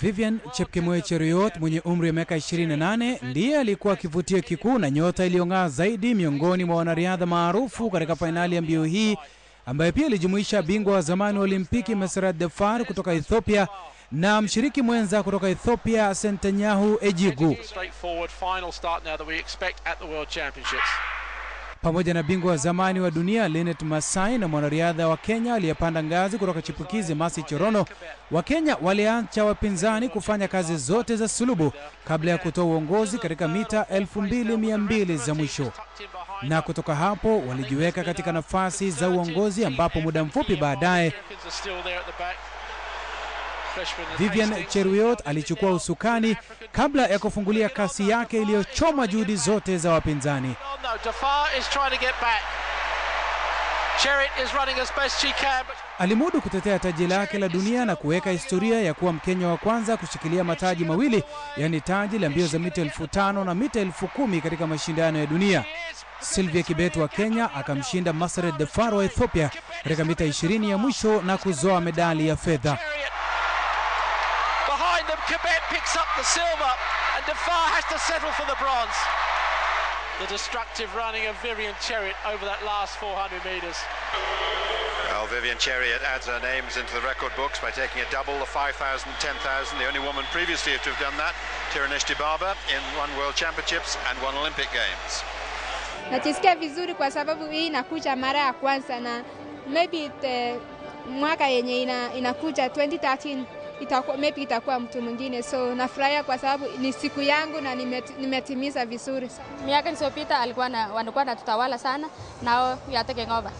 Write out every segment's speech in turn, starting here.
Vivian Chepkemoi Cheruiyot mwenye umri wa miaka 28 ndiye alikuwa kivutio kikuu na nyota iliyong'aa zaidi miongoni mwa wanariadha maarufu katika fainali ya mbio hii ambaye pia alijumuisha bingwa wa zamani wa Olimpiki Meserat Defar kutoka Ethiopia na mshiriki mwenza kutoka Ethiopia Sentanyahu Ejigu pamoja na bingwa wa zamani wa dunia Linet Masai na mwanariadha wa Kenya aliyepanda ngazi kutoka chipukizi Masi Chorono. Wakenya waliacha wapinzani kufanya kazi zote za sulubu kabla ya kutoa uongozi katika mita 2200 za mwisho, na kutoka hapo walijiweka katika nafasi za uongozi, ambapo muda mfupi baadaye Vivian Cheruiyot alichukua usukani kabla ya kufungulia kasi yake iliyochoma juhudi zote za wapinzani. Alimudu kutetea taji lake la dunia na kuweka historia ya kuwa Mkenya wa kwanza kushikilia mataji mawili, yaani taji la mbio za mita elfu tano na mita elfu kumi katika mashindano ya dunia. Sylvia Kibet wa Kenya akamshinda Masred defar wa Ethiopia katika mita 20 ya mwisho na kuzoa medali ya fedha. the destructive running of Vivian Cheriot over that last 400 metres. Well, Vivian Cheriot adds her names into the record books by taking a double, the 5,000, 10,000, the only woman previously to have done that, Tirunesh Dibaba, in one World Championships and one Olympic Games. Najisikia vizuri kwa sababu hii inakuja mara ya kwanza na maybe the mwaka yenye inakuja 2013 itakuwa, maybe itakuwa mtu mwingine. So nafurahia kwa sababu ni siku yangu na nimet, nimetimiza vizuri sana. Miaka iliyopita alikuwa na walikuwa na tutawala sana, nao yateke ng'oba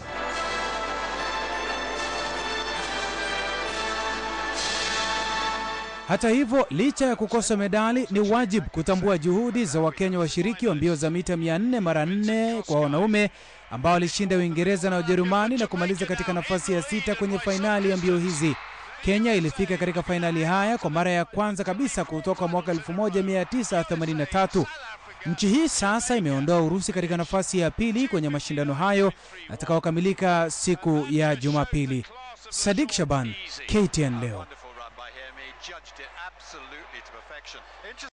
Hata hivyo, licha ya kukosa medali, ni wajibu kutambua juhudi za Wakenya washiriki wa mbio za mita 400 mara 4 kwa wanaume ambao walishinda Uingereza na Ujerumani na kumaliza katika nafasi ya sita kwenye fainali ya mbio hizi. Kenya ilifika katika fainali haya kwa mara ya kwanza kabisa kutoka mwaka 1983. Nchi hii sasa imeondoa Urusi katika nafasi ya pili kwenye mashindano hayo atakaokamilika siku ya Jumapili. Sadik Shaban, KTN leo.